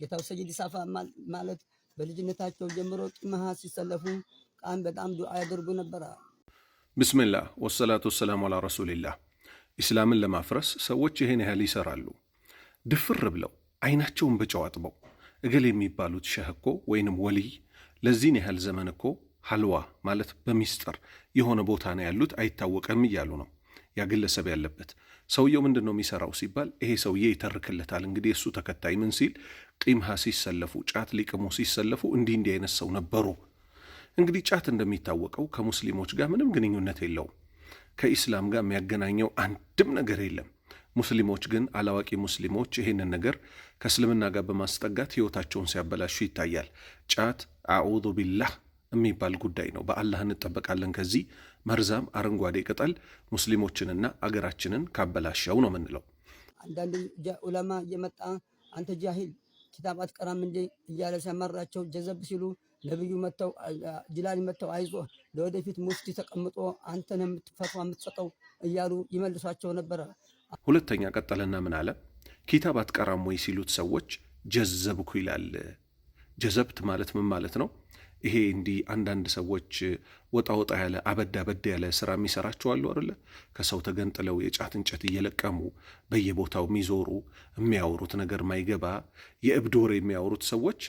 ጌታው ሰይድ ሳፋ ማለት በልጅነታቸው ጀምሮ ቂመሃ ሲሰለፉ ቃን በጣም ዱዓ ያደርጉ ነበረ። ብስምላ ወሰላቱ ወሰላሙ አላ ረሱልላህ። ኢስላምን ለማፍረስ ሰዎች ይህን ያህል ይሰራሉ። ድፍር ብለው አይናቸውን በጨው አጥበው እገል የሚባሉት ሸህ እኮ ወይንም ወልይ ለዚህን ያህል ዘመን እኮ ሀልዋ ማለት በሚስጥር የሆነ ቦታ ነው ያሉት አይታወቅም እያሉ ነው። ያ ግለሰብ ያለበት ሰውየው ምንድን ነው የሚሰራው ሲባል ይሄ ሰውዬ ይተርክለታል። እንግዲህ እሱ ተከታይ ምን ሲል ጢምሃ ሲሰለፉ ጫት ሊቅሙ ሲሰለፉ እንዲህ እንዲህ አይነት ሰው ነበሩ። እንግዲህ ጫት እንደሚታወቀው ከሙስሊሞች ጋር ምንም ግንኙነት የለውም። ከኢስላም ጋር የሚያገናኘው አንድም ነገር የለም። ሙስሊሞች ግን አላዋቂ ሙስሊሞች ይህንን ነገር ከእስልምና ጋር በማስጠጋት ህይወታቸውን ሲያበላሹ ይታያል። ጫት አዑዙ ቢላህ የሚባል ጉዳይ ነው። በአላህ እንጠበቃለን ከዚህ መርዛም አረንጓዴ ቅጠል ሙስሊሞችንና አገራችንን ካበላሸው ነው የምንለው። አንዳንድ ዑለማ እየመጣ አንተ ጃሂል ኪታብ አትቀራም እንዴ እያለ ሲያማራቸው ጀዘብ ሲሉ ነብዩ መተው ጅላኒ መተው አይዞ ለወደፊት ሙፍቲ ተቀምጦ አንተን የምትፈቷ የምትሰጠው እያሉ ይመልሷቸው ነበረ። ሁለተኛ ቀጠለና ምን አለ? ኪታብ አትቀራም ወይ ሲሉት ሰዎች ጀዘብኩ ይላል። ጀዘብት ማለት ምን ማለት ነው? ይሄ እንዲህ አንዳንድ ሰዎች ወጣ ወጣ ያለ አበድ አበድ ያለ ስራ የሚሰራቸው አሉ አይደለ? ከሰው ተገንጥለው የጫት እንጨት እየለቀሙ በየቦታው የሚዞሩ የሚያወሩት ነገር ማይገባ የእብድ ወሬ የሚያወሩት ሰዎች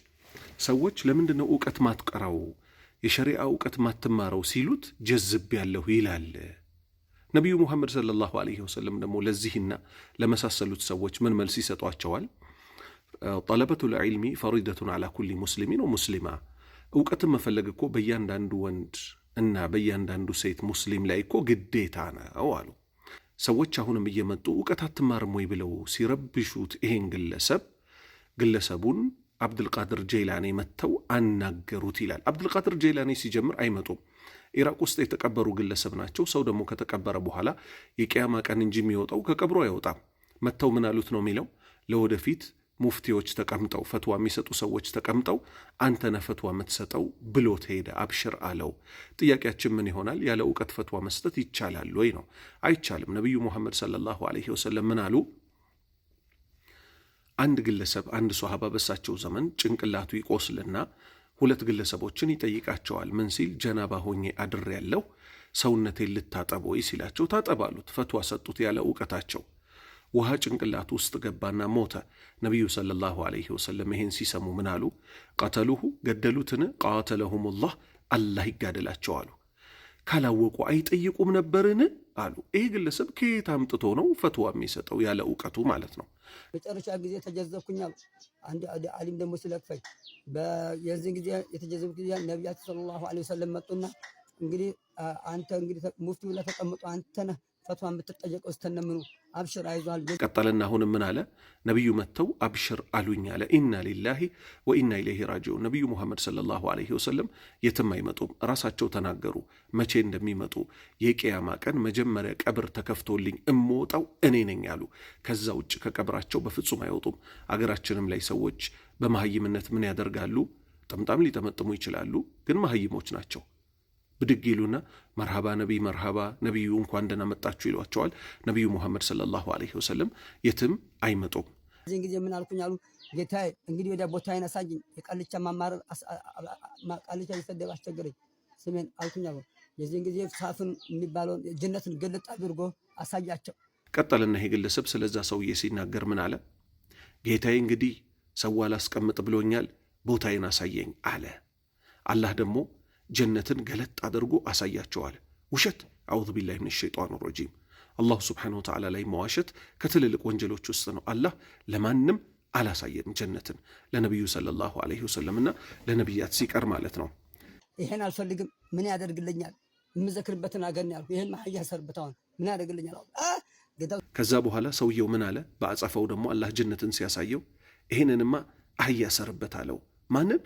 ሰዎች ለምንድን ነው እውቀት ማትቀራው የሸሪአ እውቀት ማትማረው ሲሉት ጀዝብ ያለሁ ይላል። ነቢዩ ሙሐመድ ሰለላሁ ዐለይሂ ወሰለም ደግሞ ለዚህና ለመሳሰሉት ሰዎች ምን መልስ ይሰጧቸዋል? ጠለበቱል ልዕልሚ ፈሪደቱን ዐላ ኩሊ ሙስሊሚን ወሙስሊማ እውቀትን መፈለግ እኮ በእያንዳንዱ ወንድ እና በእያንዳንዱ ሴት ሙስሊም ላይ እኮ ግዴታ ነው አሉ። ሰዎች አሁንም እየመጡ እውቀት አትማርም ወይ ብለው ሲረብሹት ይሄን ግለሰብ ግለሰቡን አብድልቃድር ጀላኔ መጥተው አናገሩት ይላል። አብድልቃድር ጄላኔ ሲጀምር አይመጡም። ኢራቅ ውስጥ የተቀበሩ ግለሰብ ናቸው። ሰው ደግሞ ከተቀበረ በኋላ የቅያማ ቀን እንጂ የሚወጣው ከቀብሮ አይወጣም። መጥተው ምን አሉት ነው የሚለው ለወደፊት ሙፍቲዎች ተቀምጠው ፈትዋ የሚሰጡ ሰዎች ተቀምጠው አንተ ነህ ፈትዋ የምትሰጠው ብሎ ተሄደ። አብሽር አለው። ጥያቄያችን ምን ይሆናል? ያለ እውቀት ፈትዋ መስጠት ይቻላል ወይ ነው? አይቻልም። ነቢዩ ሙሐመድ ሰለላሁ ዐለይሂ ወሰለም ምን አሉ? አንድ ግለሰብ አንድ ሶሃባ በሳቸው ዘመን ጭንቅላቱ ይቆስልና ሁለት ግለሰቦችን ይጠይቃቸዋል። ምን ሲል ጀናባ ሆኜ አድሬያለሁ ሰውነቴን ልታጠብ ወይ ሲላቸው ታጠባሉት። ፈትዋ ሰጡት ያለ እውቀታቸው ውሃ ጭንቅላት ውስጥ ገባና ሞተ። ነቢዩ ሰለላሁ ዐለይሂ ወሰለም ይህን ሲሰሙ ምን አሉ? ቀተሉሁ ገደሉትን? ቃተለሁም ላህ አላህ ይጋደላቸው አሉ። ካላወቁ አይጠይቁም ነበርን አሉ። ይህ ግለሰብ ከየት አምጥቶ ነው ፈትዋ የሚሰጠው? ያለ እውቀቱ ማለት ነው። መጨረሻ ጊዜ ተጀዘብኩኛል። አንድ አሊም ደግሞ ሲለቅፈኝ፣ የዚህ ጊዜ የተጀዘብ ጊዜ ነቢያችን ሰለላሁ ዐለይሂ ወሰለም መጡና እንግዲህ አንተ እንግዲህ ሙፍቲ ብለህ ተቀምጦ አንተ ነህ ፈቷን ብትጠየቀው እስተነምኑ አብሽር አይዟል ቀጠለና፣ አሁን ምን አለ ነቢዩ? መጥተው አብሽር አሉኝ አለ። ኢና ሊላሂ ወኢና ኢለይሂ ራጂዑን። ነቢዩ ሙሐመድ ሰለላሁ ዐለይሂ ወሰለም የትም አይመጡም። ራሳቸው ተናገሩ መቼ እንደሚመጡ። የቅያማ ቀን መጀመሪያ ቀብር ተከፍቶልኝ እምወጣው እኔ ነኝ አሉ። ከዛ ውጭ ከቀብራቸው በፍጹም አይወጡም። አገራችንም ላይ ሰዎች በመሀይምነት ምን ያደርጋሉ? ጠምጣም ሊጠመጥሙ ይችላሉ፣ ግን መሀይሞች ናቸው። ብድግ ይሉና መርሃባ ነቢይ መርሃባ ነቢዩ እንኳን ደህና መጣችሁ ይሏቸዋል። ነቢዩ ሙሐመድ ሰለላሁ ዐለይሂ ወሰለም የትም አይመጡም። እዚህን ጊዜ ምን አልኩኝ አሉ ጌታ፣ እንግዲህ ወደ ቦታ ይነሳኝ የቃልቻ ማማረር ቃልቻ ሊሰደብ አስቸገረኝ ስሜን አልኩኝ አሉ። የዚህን ጊዜ ሳፍን የሚባለውን ጅነትን ግልጥ አድርጎ አሳያቸው። ቀጠልና ይሄ ግለሰብ ስለዛ ሰውዬ ሲናገር ምን አለ? ጌታዬ እንግዲህ ሰው አላስቀምጥ ብሎኛል ቦታዬን አሳየኝ አለ። አላህ ደግሞ ጀነትን ገለጥ አድርጎ አሳያቸዋል። ውሸት አዑዙ ቢላሂ ሚነ ሸይጧን ረጂም። አላሁ ስብሓነሁ ወተዓላ ላይ መዋሸት ከትልልቅ ወንጀሎች ውስጥ ነው። አላህ ለማንም አላሳየም ጀነትን ለነቢዩ ሰለላሁ ዐለይሂ ወሰለምና ለነቢያት ሲቀር ማለት ነው። ይሄን አልፈልግም፣ ምን ያደርግልኛል? የምዘክርበትን አገር ያልኩ። ይህን ማህያ ሰርብታውን ምን ያደርግልኛል? ከዛ በኋላ ሰውየው ምን አለ? በአጸፋው ደግሞ አላህ ጀነትን ሲያሳየው ይህንንማ አህያ ሰርበት አለው። ማንን?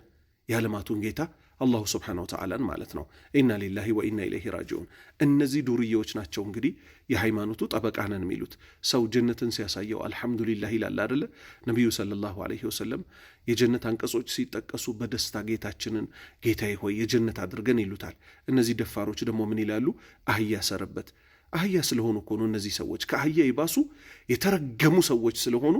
የዓለማቱን ጌታ አላሁ ስብሓነ ወተዓላን ማለት ነው። ኢና ሊላሂ ወኢና ኢለይሂ ራጂዑን። እነዚህ ዱርዬዎች ናቸው እንግዲህ የሃይማኖቱ ጠበቃ ነን የሚሉት። ሰው ጀነትን ሲያሳየው አልሐምዱሊላህ ይላል አደለ? ነቢዩ ሰለላሁ ዐለይሂ ወሰለም የጀነት አንቀጾች ሲጠቀሱ በደስታ ጌታችንን ጌታዬ ሆይ የጀነት አድርገን ይሉታል። እነዚህ ደፋሮች ደግሞ ምን ይላሉ? አህያ ሰረበት። አህያ ስለሆኑ እኮ ነው እነዚህ ሰዎች ከአህያ ይባሱ የተረገሙ ሰዎች ስለሆኑ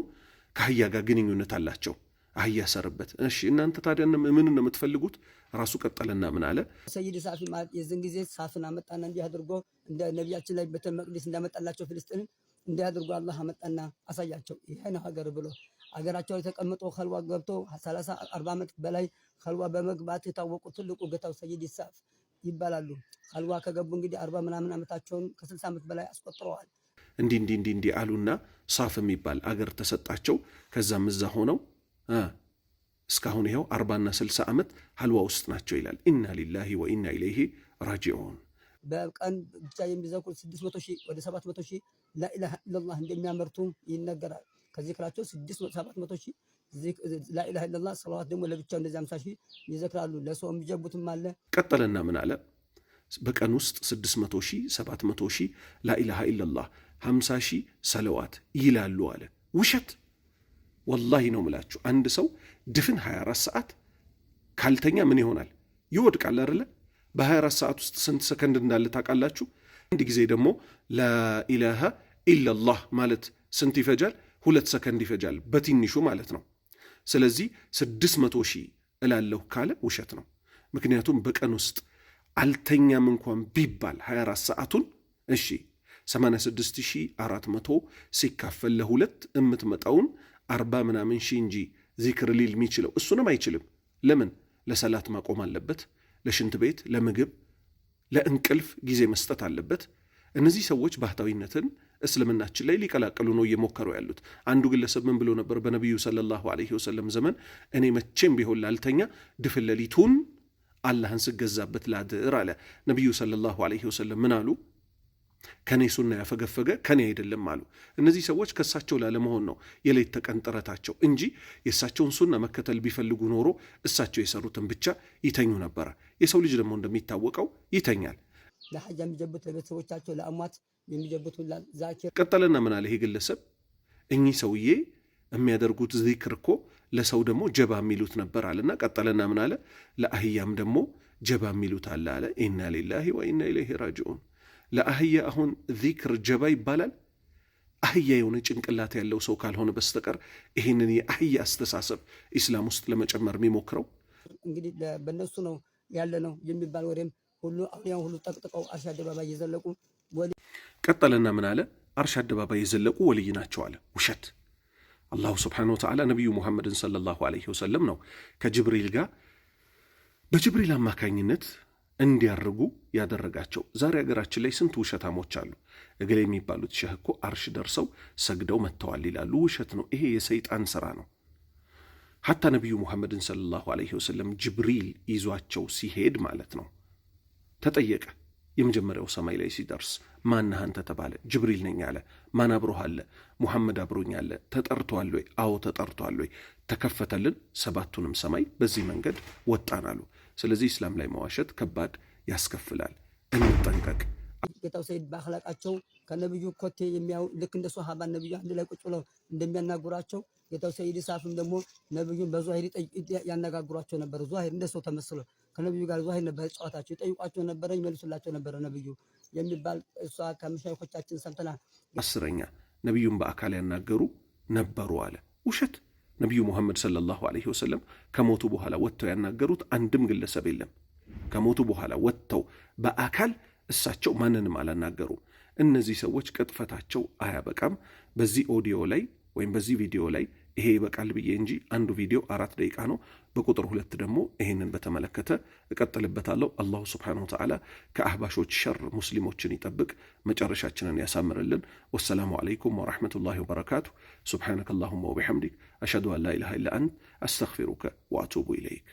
ከአህያ ጋር ግንኙነት አላቸው። አያሰርበት እሺ እናንተ ታዲያ ምን ነው የምትፈልጉት? ራሱ ቀጠለና ምን አለ ሰይድ ሳፊ ማለት የዝን ጊዜ ሳፍን አመጣና እንዲህ አድርጎ እንደ ነቢያችን ላይ ቤተ መቅደስ እንዳመጣላቸው ፍልስጥንን እንዲህ አድርጎ አላህ አመጣና አሳያቸው፣ ይሄ ነው ሀገር ብሎ ሀገራቸው የተቀምጦ ከልዋ ገብቶ ሰላሳ አርባ ዓመት በላይ ከልዋ በመግባት የታወቁ ትልቁ ገታው ሰይድ ሳፍ ይባላሉ። ከልዋ ከገቡ እንግዲህ አርባ ምናምን ዓመታቸውን ከስልሳ ዓመት በላይ አስቆጥረዋል። እንዲህ እንዲህ እንዲህ አሉና ሳፍ የሚባል አገር ተሰጣቸው። ከዛም እዛ ሆነው እስካሁን ይኸው አርባና ስልሳ ዓመት ሀልዋ ውስጥ ናቸው ይላል። ኢና ሊላሂ ወኢና ኢለይሂ ራጂዑን። በቀን ብቻ የሚዘኩር ስድስት መቶ ሺህ ወደ ሰባት መቶ ሺህ ላኢላሃ ኢለላህ እንደሚያመርቱ ይነገራል። ከዚክራቸው ስድስት ሰባት መቶ ሺህ ላኢላሃ ኢለላህ ሰለዋት ደግሞ ለብቻው እንደዚህ አምሳ ሺህ ይዘክራሉ። ለሰው የሚጀቡትም አለ። ቀጠለና ምን አለ? በቀን ውስጥ ስድስት መቶ ሺህ ሰባት መቶ ሺህ ላኢላሃ ኢለላህ ሀምሳ ሺህ ሰለዋት ይላሉ አለ። ውሸት ወላሂ ነው ምላችሁ፣ አንድ ሰው ድፍን 24 ሰዓት ካልተኛ ምን ይሆናል? ይወድቃል አይደለ? በ24 ሰዓት ውስጥ ስንት ሰከንድ እንዳለ ታውቃላችሁ? አንድ ጊዜ ደግሞ ላኢላሃ ኢላላህ ማለት ስንት ይፈጃል? ሁለት ሰከንድ ይፈጃል በትንሹ ማለት ነው። ስለዚህ 600 ሺህ እላለሁ ካለ ውሸት ነው። ምክንያቱም በቀን ውስጥ አልተኛም እንኳን ቢባል 24 ሰዓቱን እሺ 86400 ሲካፈል ለሁለት የምትመጣውን አርባ ምናምን ሺ እንጂ ዚክር ሊል የሚችለው እሱንም አይችልም። ለምን? ለሰላት ማቆም አለበት፣ ለሽንት ቤት፣ ለምግብ፣ ለእንቅልፍ ጊዜ መስጠት አለበት። እነዚህ ሰዎች ባህታዊነትን እስልምናችን ላይ ሊቀላቀሉ ነው እየሞከሩ ያሉት። አንዱ ግለሰብ ምን ብሎ ነበር? በነቢዩ ሰለላሁ ዐለይሂ ወሰለም ዘመን እኔ መቼም ቢሆን ላልተኛ ድፍን ሌሊቱን አላህን ስገዛበት ላድር አለ። ነቢዩ ሰለላሁ ዐለይሂ ወሰለም ምን አሉ? ከኔ ሱና ያፈገፈገ ከኔ አይደለም አሉ። እነዚህ ሰዎች ከእሳቸው ላለመሆን ነው የሌት ተቀን ጥረታቸው እንጂ የእሳቸውን ሱና መከተል ቢፈልጉ ኖሮ እሳቸው የሰሩትን ብቻ ይተኙ ነበረ። የሰው ልጅ ደግሞ እንደሚታወቀው ይተኛል። ለሐጃ የሚጀቡት ለቤተሰቦቻቸው፣ ለአሟት የሚጀቡት ሁላ ዛኪር። ቀጠለና ምናለ ይሄ ግለሰብ? እኚህ ሰውዬ የሚያደርጉት ዚክር እኮ ለሰው ደግሞ ጀባ የሚሉት ነበር አለና ቀጠለና ምናለ ለአህያም ደግሞ ጀባ የሚሉት አለ አለ። ኢና ሊላሂ ወኢና ኢለይሂ ራጅዑን ለአህያ አሁን ዚክር ጀባ ይባላል። አህያ የሆነ ጭንቅላት ያለው ሰው ካልሆነ በስተቀር ይህንን የአህያ አስተሳሰብ ኢስላም ውስጥ ለመጨመር የሚሞክረው እንግዲህ በእነሱ ነው ያለ ነው የሚባል ወሬም ሁሉ አሁን ሁሉ ጠቅጥቀው አርሽ አደባባይ የዘለቁ ቀጠለና ምን አለ? አርሽ አደባባይ የዘለቁ ወልይ ናቸው አለ። ውሸት። አላሁ ስብሓነሁ ወተዓላ ነቢዩ ሙሐመድን ሰለላሁ ዐለይሂ ወሰለም ነው ከጅብሪል ጋር በጅብሪል አማካኝነት እንዲያርጉ ያደረጋቸው። ዛሬ ሀገራችን ላይ ስንት ውሸታሞች አሉ። እገሌ የሚባሉት ሸህ እኮ አርሽ ደርሰው ሰግደው መጥተዋል ይላሉ። ውሸት ነው። ይሄ የሰይጣን ስራ ነው። ሐታ ነቢዩ ሙሐመድን ሰለላሁ ዐለይሂ ወሰለም ጅብሪል ይዟቸው ሲሄድ ማለት ነው ተጠየቀ። የመጀመሪያው ሰማይ ላይ ሲደርስ ማነህ አንተ ተባለ። ጅብሪል ነኝ አለ። ማን አብሮህ አለ? ሙሐመድ አብሮኝ አለ። ተጠርቷል ወይ? አዎ ተጠርቷል ወይ? ተከፈተልን። ሰባቱንም ሰማይ በዚህ መንገድ ወጣን አሉ። ስለዚህ ኢስላም ላይ መዋሸት ከባድ ያስከፍላል። እንጠንቀቅ። ጌታው ሰይድ በአክላቃቸው ከነብዩ ኮቴ የሚያው ልክ እንደ ሶሃባ ነብዩ አንድ ላይ ቁጭ ብለው እንደሚያናግሯቸው ጌታው ሰይድ ሳፍም ደግሞ ነብዩን በዙሂር ያነጋግሯቸው ነበር። ዙሂር እንደ ሰው ተመስሎ ከነብዩ ጋር ዙሂር ነበር ጨዋታቸው፣ ይጠይቋቸው ነበረ፣ ይመልሱላቸው ነበረ ነብዩ የሚባል እሷ ከመሻይኮቻችን ሰምተናል። አስረኛ ነብዩን በአካል ያናገሩ ነበሩ አለ ውሸት ነቢዩ ሙሐመድ ሰለላሁ ዐለይሂ ወሰለም ከሞቱ በኋላ ወጥተው ያናገሩት አንድም ግለሰብ የለም። ከሞቱ በኋላ ወጥተው በአካል እሳቸው ማንንም አላናገሩም። እነዚህ ሰዎች ቅጥፈታቸው አያበቃም። በዚህ ኦዲዮ ላይ ወይም በዚህ ቪዲዮ ላይ ይሄ ይበቃል ብዬ እንጂ አንዱ ቪዲዮ አራት ደቂቃ ነው። በቁጥር ሁለት ደግሞ ይህንን በተመለከተ እቀጥልበታለሁ። አላሁ ስብሓነሁ ወተዓላ ከአህባሾች ሸር ሙስሊሞችን ይጠብቅ፣ መጨረሻችንን ያሳምርልን። ወሰላሙ ዓለይኩም ወራሕመቱላሂ ወበረካቱ። ሱብሓነከ አላሁማ ወቢሐምዲክ አሽሀዱ አን ላ ኢላሃ ኢላ አንት አስተግፊሩከ ወአቱቡ ኢለይክ።